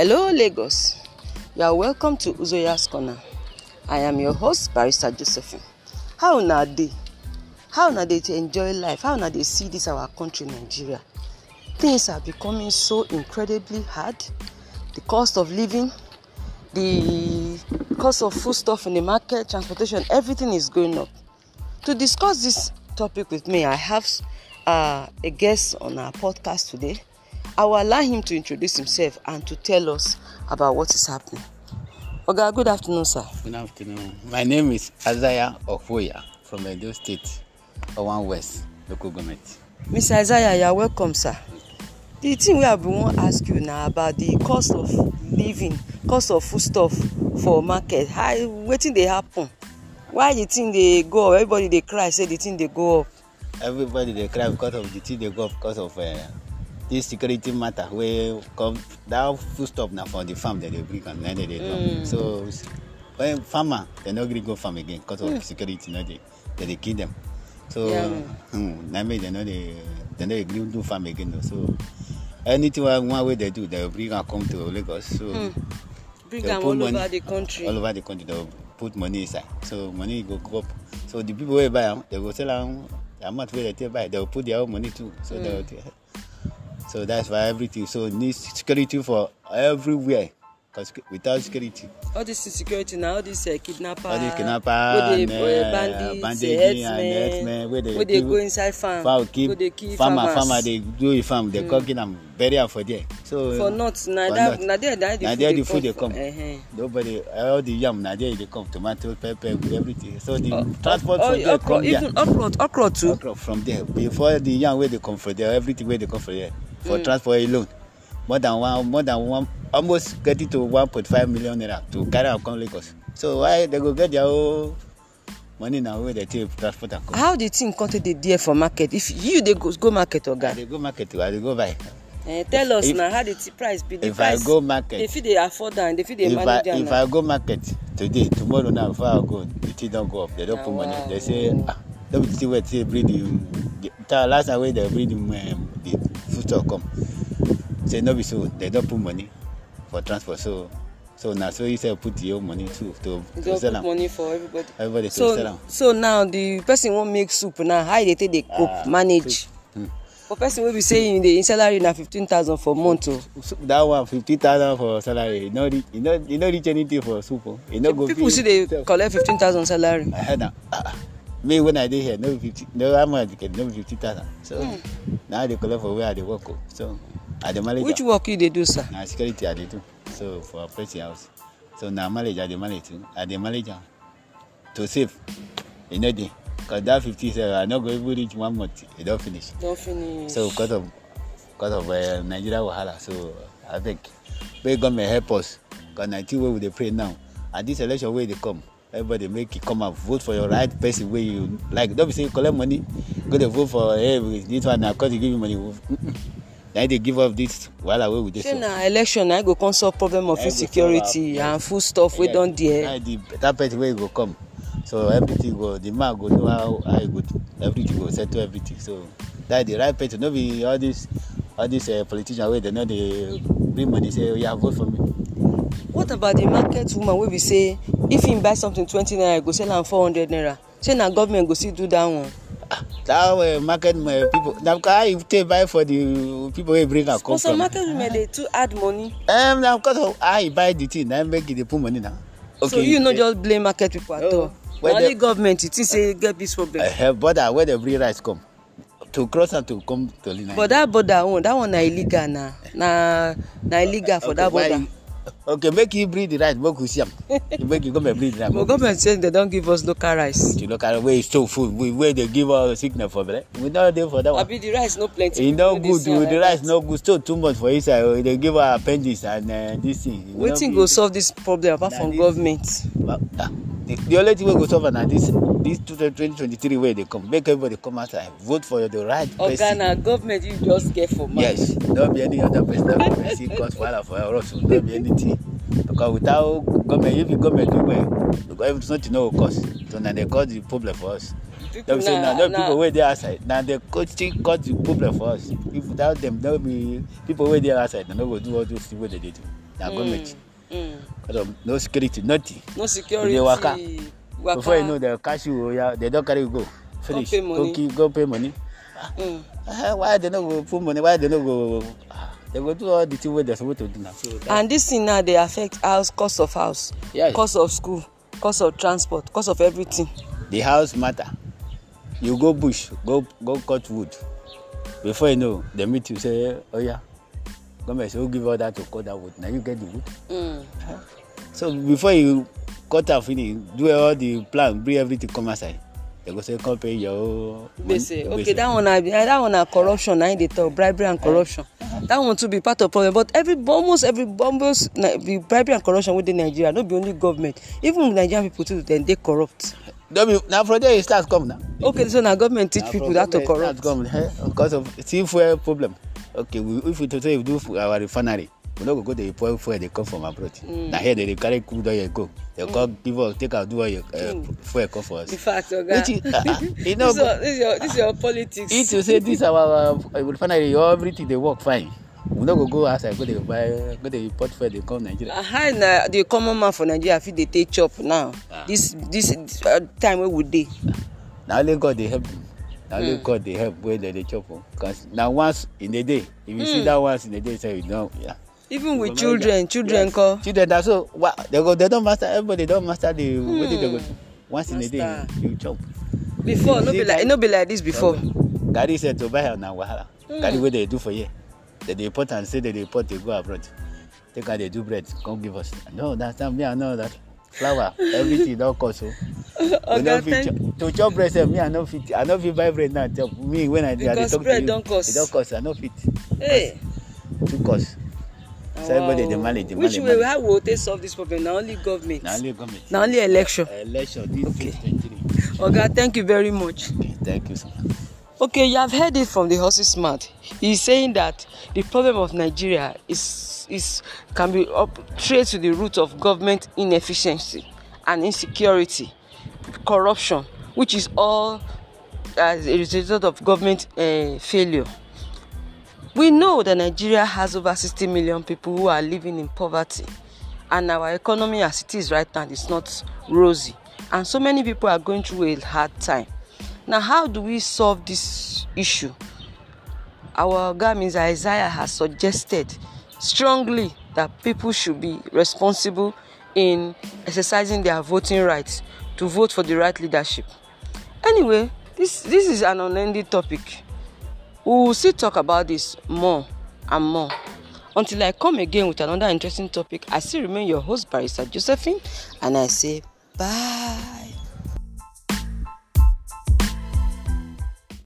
Hello, Lagos. You are welcome to Uzoya's Corner. I am your host, Barrister Josephine. How now dey? How now dey to enjoy life? How now dey see this our country, Nigeria? Things are becoming so incredibly hard. The cost of living, the cost of foodstuff in the market, transportation, everything is going up. To discuss this topic with me, I have uh, a guest on our podcast today. I will allow him to introduce himself and to tell us about what is happening. Oga, good afternoon, sir. Good afternoon. My name is Azaya Ofoya from Edo State, Owan West, local government. Mr. Azaya, you are welcome, sir. The thing we have been wan ask you now about the cost of living, cost of foodstuff for market. How wetin they happen? Why the thing they go up? Everybody they cry say the thing they go up. Everybody they cry because of the thing they go up because of uh, this security matter wey come that foodstuff na for the farm dem dey bring and na dem dey come mm. so when farmer dem no gree go farm again because of mm. security no dey dem dey kill dem so hmm, na me dem no dey dem no dey gree do farm again o so anything one wey dem do dem bring am come to lagos so hmm. bring am all over the country all over the country dem put money inside so money go go up so the people wey buy am dem go sell am the amount wey dem take buy dem go put their own money too so hmm. dem go take. So that's for everything. So it needs security for everywhere. Because without security. All this security now, all this uh, kidnapper. All the kidnapper. And, uh, bandits, bandits uh, and herdsmen. Where they, where they go inside farm. farm keep, where they kill farmer, farmers. Farmer, they do a farm. They mm. come kill and bury am for there. So, for not, na there the food they come. Uh -huh. Nobody all the yam na there dey come tomato pepper everything. So the uh, transport uh, from there okra, oh, come Even okra okra too. Okra from there before the yam where they come from there everything where they come from there for mm. transfer alone more than one more than one almost getting to one point five million naira to carry am come lagos so why they go get their own money na wey dey take transport am how the thing come take dey there for market if you dey go, go market oga. i dey go market o i dey go buy. Uh, tell us if, na how the price be the if price if i go market they fit dey afford am they fit dey manage am. if i if i go market today tomorrow now before i go the thing don go up they don ah, put money they say ah no be the thing wey take bring the the last time wey they bring the um, store come say no be so dem don put money for transport so so na so you say put your money too to to sell am money for everybody everybody so, to sell am so now the person wan make soup now how e dey take dey cope ah, manage hmm. for person wey be say him dey him salary na fifteen thousand for month o. Oh. So, that one fifteen thousand for salary e no reach e no e no reach anything for soup o oh. e no go fit. people still dey collect fifteen thousand salary. Uh, nah. uh, me when I did here, no fifty, no I'm educated, no fifty thousand. So mm. now they collect for where they work. So at the manager. Which work you they do, sir? Now security I they do. So for a pressing house. So now manager I the manager, I uh, the manager to save in a day. Cause that fifty sir, I not go even reach one month. It don't finish. Don't finish. So because of because of uh, Nigeria wahala, so I think, may God may help us. Cause Nigeria where we they pray now. At this election where they come everybody make you come and vote for your right person wey you like no be say you collect money go dey vote for every eh, this one na cause you give you money na dey give up this wahala wey we dey so. say na election na e go come solve problem of eh, insecurity and food stuff wey eh, don there. na the better person wey go come so everything go the man go know how how he go everything go settle everything so that the right person no be all this all these uh, politicians wey dem no dey bring money say oya oh, vote for me. what about the market woman wey be say if im buy something twenty naira go sell am four hundred naira say na government go still do that one. Ah, that uh, market uh, people na because how you take buy for the people wey bring am come from. sponsor market women dey too add money. Um, na because of how you buy the thing na make you dey put money na. okay so you no just blame market people at oh, all na only government you think say get this problem. Uh, border ah, where dem bring rice come to cross am to come to Nigeria. for that border own oh, that one na illegal na na na illegal for okay, that border. okay make you breed the rice make we see am make you and breed the rice. but government say dem don give us local rice. the local rice wey store food wey wey dey give us sickness for belle we no dey for that one. abi the rice no plenty. e no good the rice no good store too much for inside o oh, dey give us appendix and uh, this thing. wetin go solve this problem apart from government the, only thing wey go solve am na this this 2023 wey dey come make everybody come out and vote for the right Ogana, person. oga na government you just get for mind. yes no be any other person that person cause wahala for us o no be anything because without government if the government do well because nothing no go cause so na dey cause the problem for us no be say na no people wey dey outside na dey coaching cause the problem for us if without them no be people wey dey outside na no go do all those things wey dey dey do na mm. government. Mm. Um, no security nothing no security you dey waka before you know dem catch you oya oh, dem don carry you go finish go kill go pay money mm. uh, why they no go put money why they no go They go do all the thing wey dem suppose to do na. So and this thing now dey affect house cost of house yes. cost of school cost of transport cost of everything. the house matter you go bush go go cut wood before you know dem meet you say oya oh, yeah, government say who give order to cut that wood na you get the wood. Mm. so before you cut am finish do all the plan bring everything come outside they go say come pay your own gbese okay that hmm. one na that one na corruption na him dey talk bribery and corruption that one too be part of problem but every almost every almost na be bribery and corruption wey dey nigeria no be only government even nigerian people too dem dey corrupt. no na from there e start come na. okay so na government teach people that to corrupt. na from there e start come eh, because of see fuel problem okay we, if we say we do our refinery we no go go dey pour fuel dey come from abroad mm. na here dem dey carry crude oil go dem mm. come give us take out do oil uh, mm. fuel come for us. in fact oga which is you know, this, your, this your politics. if you say this our uh, refinery everything dey work fine we no go go outside go dey buy go dey import fuel dey come nigeria. Uh, ah, how na the common man for nigeria fit dey take chop now ah. this this uh, time wey we dey. na only god dey help you na only god dey help wey dem dey chop o cause na once in a day if you mm. see hmm. that once in a day sef you don. Yeah. even with children children ko. Yes. children na so wa they go they don master everybody don master the mm. wetin they hmm. go do once master. in a day you, chop. before no be like no be like this before. garri sef to buy am na wahala hmm. garri wey dey do for here dem dey import am say dem dey import dey go abroad take am dey do bread come give us i no understand me i no that flower everything don cost o. oga thank to chop bread sef eh, me i no fit i no fit buy bread now chop me when i dey i talk to you because cost e don cost i no fit. Hey. too cost. so everybody dey manage dey manage. which way how we go take solve this problem na only government. na only government. na only election. election this okay. twenty-three. oga thank you very much. okay thank you so okay you have heard it from the horse's mouth he is saying that the problem of nigeria is is can be up, traced to the root of government inefficiency and insecurity, corruption, which is all as a result of government uh, failure. We know that Nigeria has over 60 million people who are living in poverty, and our economy, as it is right now, is not rosy. And so many people are going through a hard time. Now, how do we solve this issue? Our guy Mr. Isaiah has suggested strongly that people should be responsible in exercising their voting rights to vote for the right leadership. Anyway, this, this is an unending topic. We will still talk about this more and more. Until I come again with another interesting topic, I still remain your host, Barista Josephine, and I say bye.